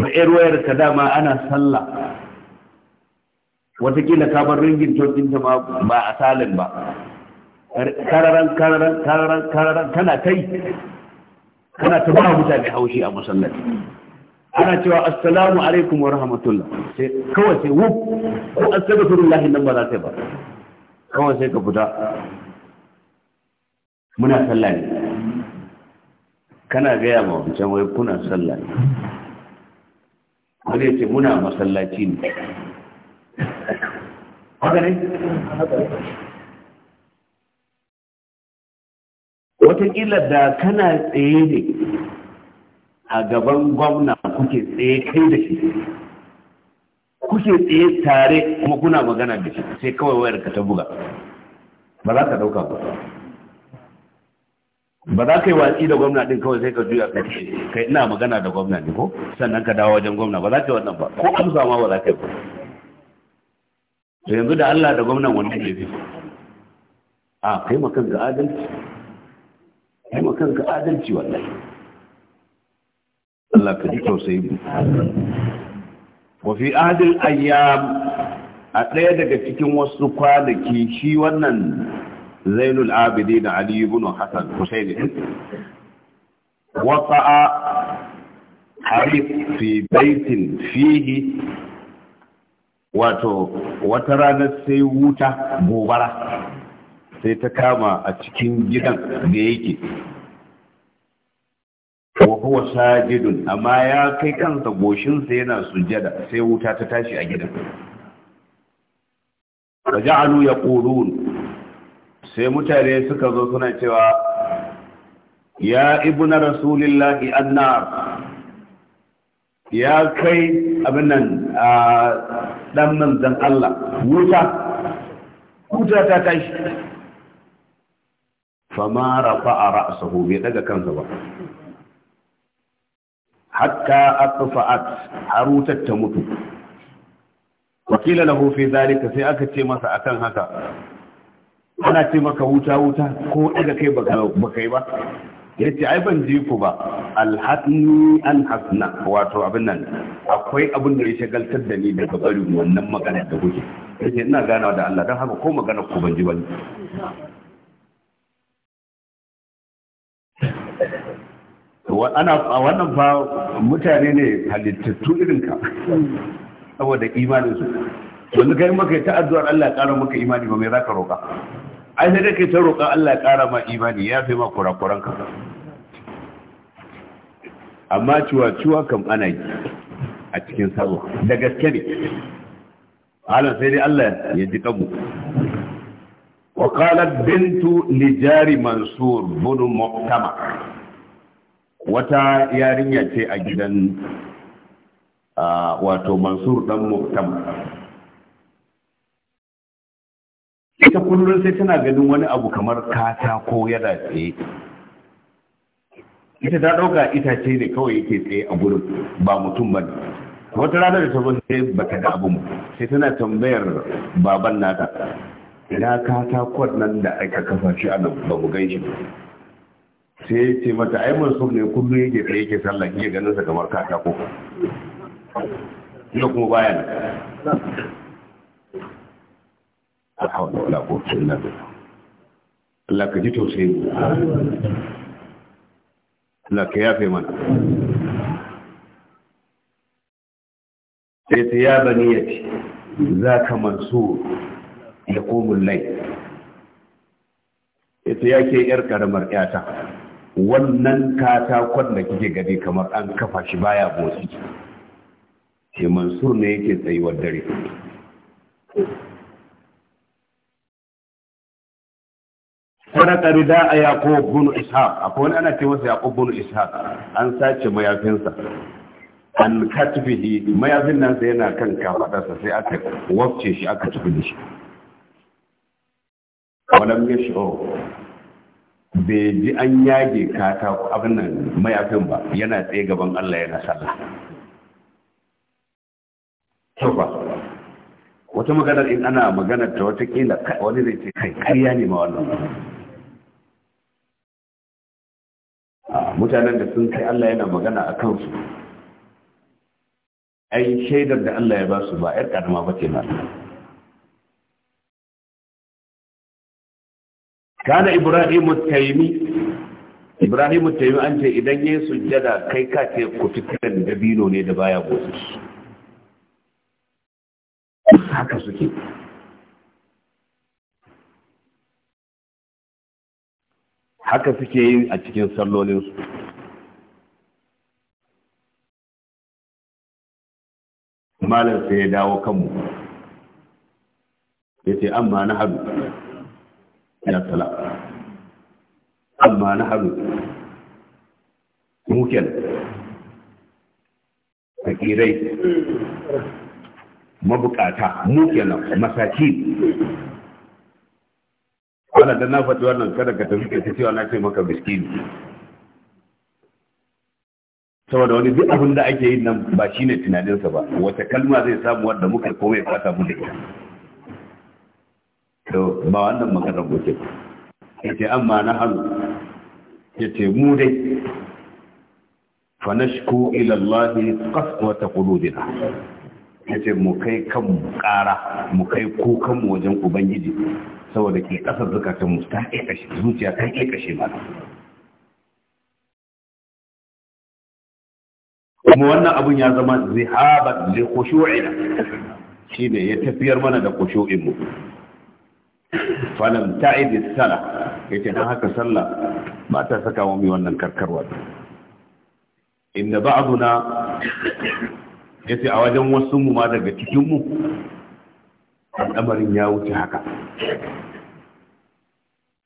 ba wayar ka dama ana sallah watakila ka bar ringin tokin ta ba a salin ba kararan kararan kararan kararan kana kai kana ta ba mutane haushi a musallaci ana cewa assalamu alaikum wa rahmatullah sai kawai sai wuf ko astaghfirullah nan ba za ta ba kawai sai ka fita muna sallah ne kana gaya ma wancan wai kuna sallah ne wani ya ce muna masallaci ne wataƙila da kana tsaye ne a gaban gwamna kuke tsaye kai da shi kuke tsaye tare kuma kuna magana da shi sai kawai wayar ka ta buga ba za ka ɗauka ba ba za ka yi watsi da gwamna ɗin kawai sai ka juya kai ina magana da gwamna ne ko sannan ka dawo wajen gwamna ba za ka yi wannan ba ko amsa ma ba za ka yi ba to yanzu da Allah da gwamnan wannan ne zai a kai makan ga adalci kai makan ga adalci wallahi Allah ka ji tausayi mu wa fi ahdil ayyam a ɗaya daga cikin wasu kwanaki shi wannan zainul abidi da ali ibn hasan wa qa'a harif fi baitin fihi wato wata ranar sai wuta gobara sai ta kama a cikin gidan da yake wa huwa sajidun amma ya kai kansa goshinsa yana sujada sai wuta ta tashi a gidan wa ja'alu ƙuru. sai mutane suka zo suna cewa ya ibu na rasulillahi annar ya kai abin nan ɗannan zan Allah wuta wuta ta tashi fama a ra'asa bai daga kansa ba hatta har wutar ta mutu wakila lahu fi zalika sai aka ce masa a kan haka ana ce maka wuta wuta ko daga kai baka yi ba ce ai ban ji ku ba alhatni an hasna wato abin nan akwai abin da ya shagaltar da ni daga barin wannan magana da kuke yace ina gana da Allah don haka ko magana ku ban ji ba ana a wannan fa mutane ne halittattu irin ka saboda imanin su yanzu kai maka ta addu'ar Allah ya ƙara maka imani ba mai zaka roƙa? ai sai ke ta roƙa Allah ya ƙara ma imani ya fi ma kurakuran ka amma ciwa-ciwa kam ana yi a cikin sabo da gaske ne halin sai dai Allah ya ji kanmu wa qala bintu jari mansur bin muqtama wata yarinya ce a gidan wato mansur dan muqtama ita kullum sai tana ganin wani abu kamar katako yana tsaye ita ta ɗauka itace ne kawai yake tsaye a gurin ba mutum ba wata rana da ta zo sai baka da abin sai tana tambayar baban nata ina katakon nan da aka kafa shi a nan ba mu gan shi sai ce mata ai so ne kullum yake tsaye yake sallah yake ganin sa kamar katako yau kuma bayan a hawan ka ta ya ya ita ya yar ƙaramar yata wannan katakon da kike gani kamar an kafa shi baya motsi ke mansur ne yake tsayuwar dare saraka rida a yaqub bin ishaq akwai wani ana ce masa yaqub bin ishaq an sace mayafinsa an katfihi mayafin nan sai yana kan kafadarsa sai aka wafce shi aka tafi da shi shi o, bai ji an yage katako abin nan mayafin ba yana tsaye gaban Allah yana sallah Tufa, wata maganar in ana maganar ta wata kila wani zai ce kai karya ne ma wannan mutanen da sun kai Allah yana magana a kansu ai shaidar da Allah ya ba su ba 'yar ƙarama ba ce mata kana ibrahimu taymi ibrahimu taymi an ce idan Yesu sujjada kai ka ce ku da dabino ne da baya gozu haka suke haka suke yin a cikin sallolinsu malam sai ya dawo kanmu ya ce amma na haru ya sala amma na haru muken fakirai mabukata mukenan masaki wadanda na faɗi wannan kada ka tafi ka cewa na ce maka biskini saboda wani duk abin da ake yi nan ba shi ne tunaninsa ba wata kalma zai samu wanda muka kome ya fata mu da ita to ba wannan makarar goce an amma na hannu. Ya ce mu dai fa nashku ila Allah qaswata Ya yace mu kai kan mu kara mu kai kukan mu wajen ubangiji saboda ke kasar zukatan mu ta kai kashe zuciya ta kai kashe mana kuma wannan abun ya zama zihaban li khushu'ina shine ya tafiyar mana da khushu'in mu falam ta'id as-sala yace dan haka sallah ba ta saka mu wannan karkarwa inda ba'duna yace a wajen wasu mu ma daga cikin mu al'amarin ya wuce haka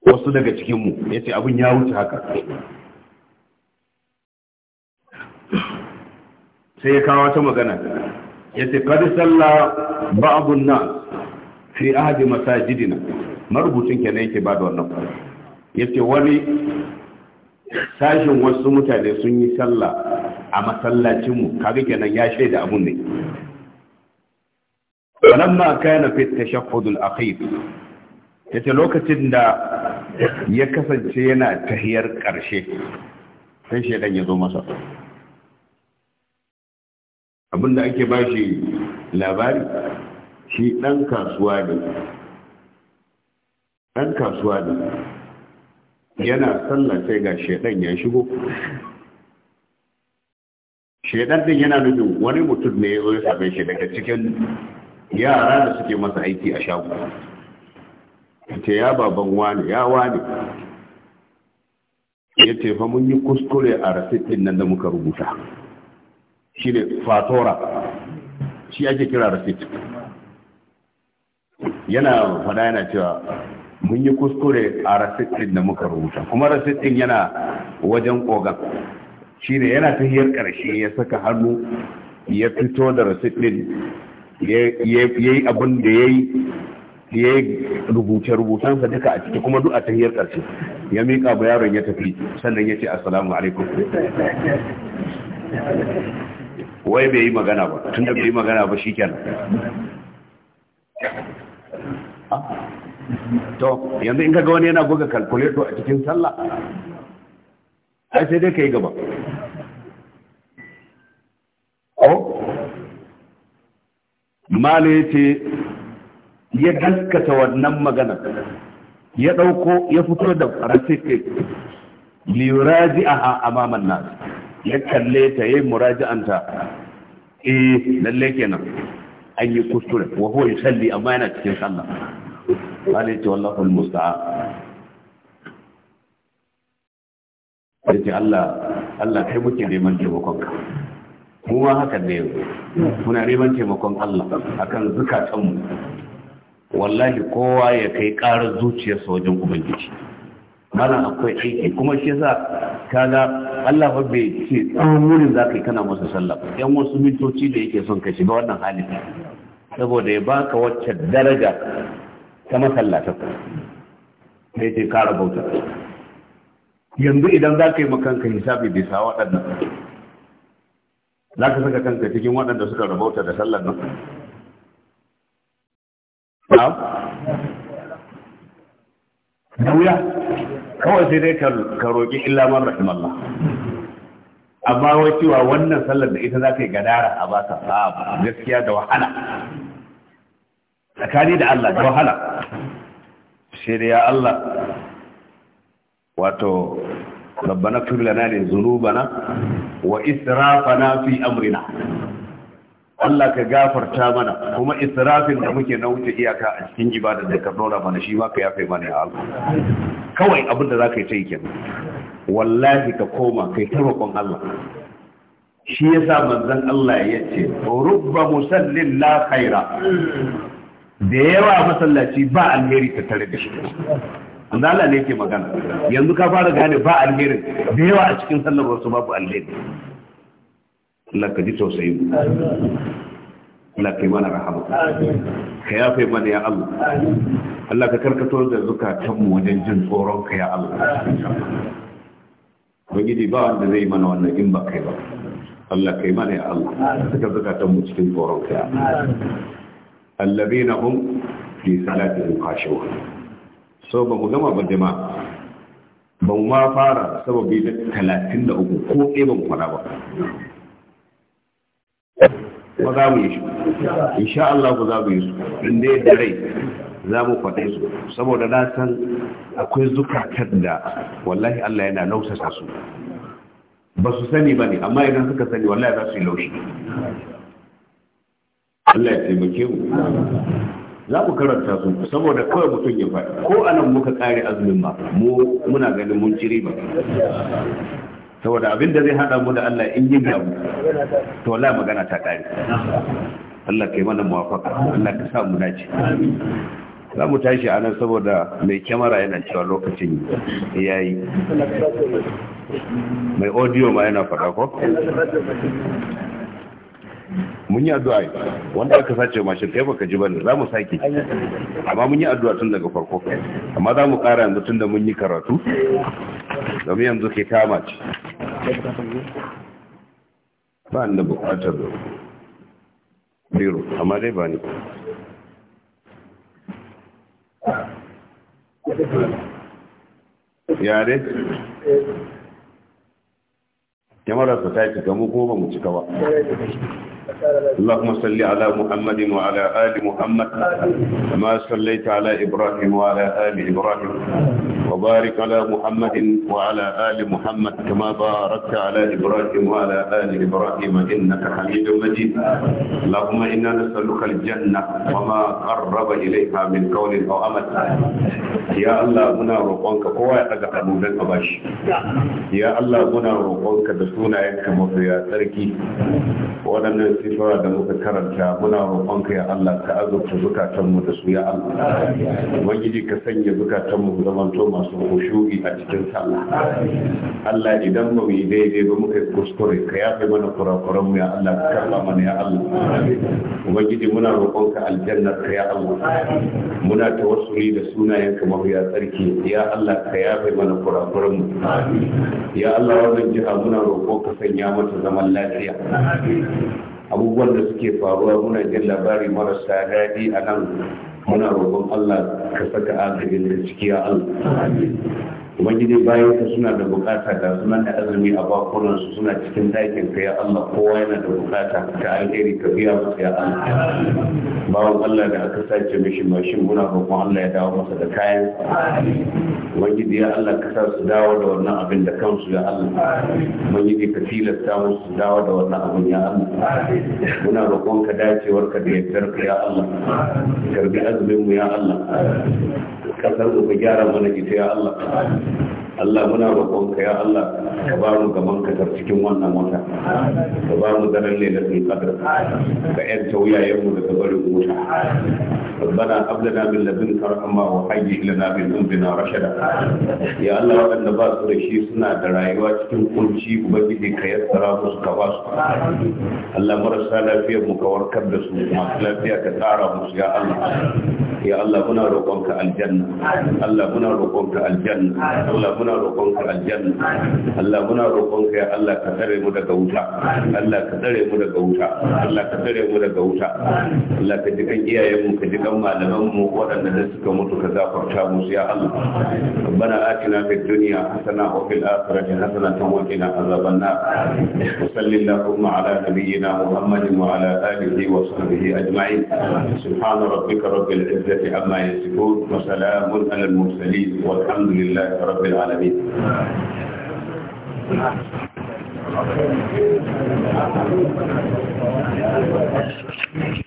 wasu daga cikin mu yace abun ya wuce haka sai ya kawo wata magana ya ce salla sallah abu na fi ahadi masajidina marubucin kenan yake ba da wannan ya ce wani sashin wasu mutane sun yi sallah a masallacinmu kaga kenan ya shaida abun ne falamma kana fi tashaffud al-akhir yace lokacin da ya kasance yana tahiyar karshe sai shedan ya zo masa abinda ake ba shi labari shi ɗan kasuwa ne ɗan kasuwa ne yana sallah sai ga shaidan ya shigo shaidan din yana nufin wani mutum ne ya zo ya same shi daga cikin yara da suke masa aiki a shago ta ya baban wani ya wani ya tefa mun yi kuskure a rasitin nan da muka rubuta shi ne fatora shi ake kira receipt yana fada yana cewa mun yi kuskure a rasit ɗin da muka rubuta kuma rasit ɗin yana wajen kogan shi ne yana ta hiyar ƙarshe ya saka hannu ya fito da receipt ɗin ya yi abin da ya yi ya yi rubuce-rubutansa duka a ciki kuma duk a tahiyar karshe ya miƙa ba yaron ya tafi sannan ya ce assalamu alaikum wai bai yi magana ba tun da bai yi magana ba shi kenan ah. to yanzu in kaga wani yana buga kalkuleto a cikin sallah ai sai dai ka yi gaba ko oh. mali ya ce ya gaskata wannan magana ya ɗauko ya fito da rasit liyuraji a amaman nasu ya kalle ta yi muraji'anta? eh lalle kenan an yi kuskure wa huwa yusalli amma yana cikin sallah qala ya wallahu almusta'an yace Allah Allah kai muke neman taimakon ka mu ma hakan ne muna neman taimakon Allah akan zukatanmu wallahi kowa ya kai ƙarar zuciyarsa wajen ubangiji malam akwai aiki kuma shi yasa kaga Allah ba bai ce tsawon wurin za ka yi kana masa sallah yan wasu mintoci da yake son ka shiga wannan hali saboda ya baka wacce daraja ta masallata sai ce kara bauta yanzu idan za ka yi makanka hisabi sa waɗannan za ka saka kanka cikin waɗanda suka rabauta da sallar nan da wuya kawai sai dai ka roƙi illa man rahimallah amma wai cewa wannan sallar da ita za ka yi gadara a ba ta sa'a gaskiya da wahala tsakani da Allah da wahala shi da ya Allah wato rabbana fi lana li dhunubana wa israfana fi amrina Allah ka gafarta mana kuma israfin da muke na wuce iyaka a cikin ibadar da ka dora mana shi ma ka yafe mana ya Allah kawai abin da za ka yi ta yi kenan wallahi ka koma kai yi roƙon Allah shi ya sa manzan Allah ya ce rubba musallin la khaira da yawa masallaci ba alheri ta tare da shi manzon Allah ne yake magana yanzu ka fara gane ba alherin da yawa a cikin sallar wasu babu alheri Allah ka ji tausayi Allah ka yi mana rahama ka yafe mana ya Allah Allah ka karkato da zukatanmu wajen jin tsoron ka ya Allah Ubangiji ba wanda zai mana wannan in ba kai ba Allah kai mana ya Allah suka zukatanmu cikin tsoron ka ya allazina hum fi in kashewa. so ba mu gama ba jama'a ba mu ma fara sababi da 33 ko ɗaya ba mu fara ba ba za mu yi shi insha Allah ku za mu yi su inda ya da rai za mu faɗe su saboda na san akwai zukatar da wallahi Allah yana lausasa su ba su sani ba ne amma idan suka sani wallahi za su yi laushi Allah ya taimake mu za ku karanta su saboda kawai mutum ya faɗi ko anan muka ƙare azumin ba mu muna ganin mun ciri ba saboda abin da zai haɗa mu da Allah in yi gabu to wallahi magana ta ƙare Allah ka yi mana muwafaka Allah ka sa mu dace amin za mu tashi a nan saboda mai kyamara yana cewa lokacin ya yi mai audio ma yana faɗa ko? mun yi addu'a wanda aka sace mashin kai baka ji bane mu sake amma mun yi addu'a tun daga farko amma za mu ƙara yanzu tun da mun yi karatu domin yanzu ke kama ci ba ni da buƙatar biro amma dai ba ni yare su ta cika mu ko ba mu cika ba اللهم صل على محمد وعلى آل محمد كما صليت على إبراهيم وعلى آل إبراهيم وبارك على محمد وعلى آل محمد كما باركت على إبراهيم وعلى آل إبراهيم إنك حميد مجيد اللهم إنا نسألك الجنة وما قرب إليها من قول أو عمل يا الله منا روقانك قوة أدخل من أباش يا الله منا روقانك دسونا ينكم في تركي ولن sifara da muka karanta muna ka ya Allah ka azurta zukatanmu da su ya Allah ubangiji ka sanya zukatanmu zamanto masu kushuri a cikin sallah Allah idan ba mu yi daidai ba muka kuskure ka yafe mana kurakuran mu ya Allah ka karba mana ya Allah ubangiji muna ka aljanna ka ya Allah muna tawassuli da sunayen ka ya tsarki ya Allah ka yafe mana kurakuran mu ya Allah wannan jiha muna ka sanya mata zaman lafiya abubuwan da suke faruwa muna jin labari marasa daɗi a nan muna roƙon Allah ka saka agajin da ciki a Allah ubangiji bayan ka suna da bukata ga sunan da azumi a bakunan suna cikin dakin ka ya Allah kowa yana da bukata ka alheri ka biya musu ya Allah bawon Allah da aka sace mishi mashin muna roƙon Allah ya dawo masa da kayan ubangiji ya Allah ka sa su dawo da wannan abin da kansu ya Allah ubangiji ka tilasta musu su dawo da wannan abin ya Allah muna roƙon ka dacewar ka da yardar ka ya Allah karbi azumin mu ya Allah kasar da gyara mana ita ya Allah Allah muna ka ya Allah ka ba mu gaban ka cikin wannan wata ka ba mu daren lailatul qadr ka yanta wuyayen da daga bari wuta ربنا هب لنا من لدنك لنا من رشدا يا الله waɗanda ba su da shi suna da rayuwa cikin kunci ubangiji ka yassara musu ka ba su Allah marasa lafiyar mu ka warkar da su masu lafiya ka tsara musu ya Allah ya Allah muna roƙonka aljanna Allah muna roƙonka aljanna Allah muna roƙonka aljanna Allah muna roƙonka ya Allah mu daga wuta Allah ka tsare daga wuta Allah daga wuta Allah jikan malamanmu waɗanda da suka mutu ka zafarta musu ya Allah bana atina fi dunya hasana wa fil akhirati hasana wa qina azaban nar wa sallallahu ala nabiyyina muhammadin wa ala alihi wa sahbihi ajma'in subhana rabbika rabbil izzati amma yasifun wa salamun ala al mursalin walhamdulillahi rabbil alamin Thank you.